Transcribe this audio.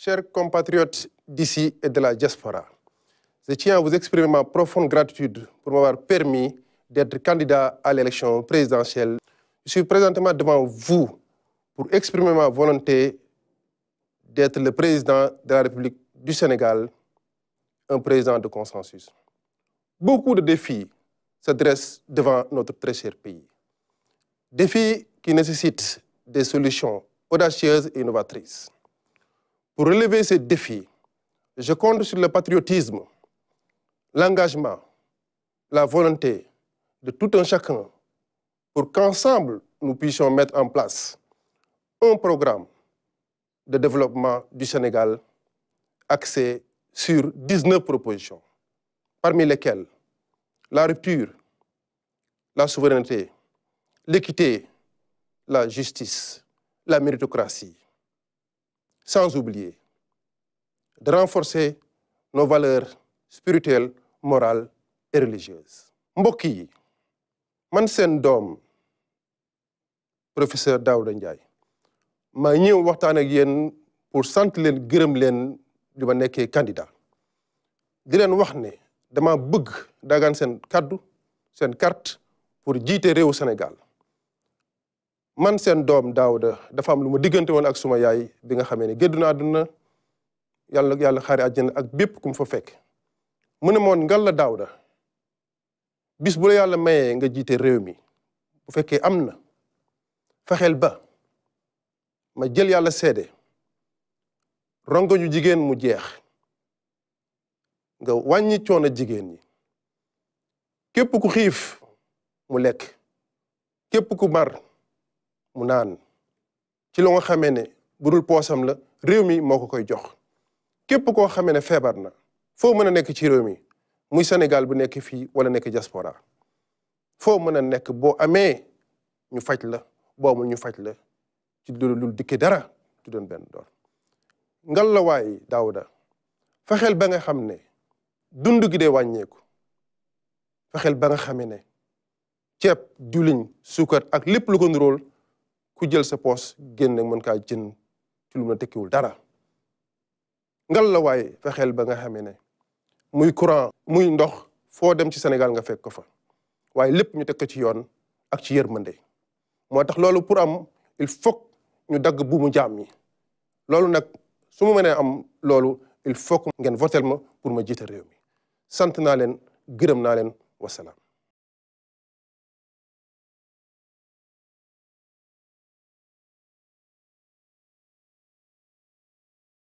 Chers compatriotes d'ici et de la diaspora, je tiens à vous exprimer ma profonde gratitude pour m'avoir permis d'être candidat à l'élection présidentielle. Je suis présentement devant vous pour exprimer ma volonté d'être le président de la République du Sénégal, un président de consensus. Beaucoup de défis s'adressent devant notre très cher pays. Défis qui nécessitent des solutions audacieuses et innovatrices. Pour relever ces défis, je compte sur le patriotisme, l'engagement, la volonté de tout un chacun pour qu'ensemble nous puissions mettre en place un programme de développement du Sénégal axé sur 19 propositions, parmi lesquelles la rupture, la souveraineté, l'équité, la justice, la méritocratie, sans oublier de renforcer nos valeurs spirituelles morales et religieuses mbokk yi man seen doom professeur Daouda Ndiaye ma ñëw waxtaan ak yéen pour sant leen gërëm leen di ma nekkee candidat di leen wax ne dama bëgg dagaan seen kaddu seen carte pour jiite réewu Sénégal man seen doom Daouda dafa am lu ma diggante woon ak suma yaay bi nga xamee ne gédd naa àdduna yàlla yàlla xaari àjjana ak bépp ku mu fa fekk mu ne moon ngal la Daouda bis bula la yàlla mayee nga jiite réew mi bu fekkee am na fexeel ba ma jël yàlla seede rongo ñu jigéen mu jeex nga wàññi coono jigéen ñi képp ku xiif mu lekk képp ku mar mu naan ci lu nga xamee ne bu dul poosam la réew mi moo ko koy jox képp koo xame ne feebar na foo mën a nekk ci réew mi muy Sénégal bu nekk fii wala nekk diaspora foo mën a nekk boo amee ñu faj la boo amul ñu faj la ci lu dikke dara du doon benn doon ngal la waay Daouda fexeel ba nga xam ne dund gi dee wàññeeku fexeel ba nga xamee ne ceeb diwlin suukar ak lépp lu ko nuróol ku jël sa poos génn nag mën kaa jënd ci lu mu la tekkiwul dara ngal la waaye fexeel ba nga xamee ne muy courant muy ndox foo dem ci Sénégal nga fekk ko fa waaye lépp ñu teg ko ci yoon ak ci yërmande moo tax loolu pour am il faut ñu dagg buumu jaam mi loolu nag su ma mënee am loolu il faut ngeen votel ma pour ma jiite réew mi sant naa leen gërëm naa leen wasalaam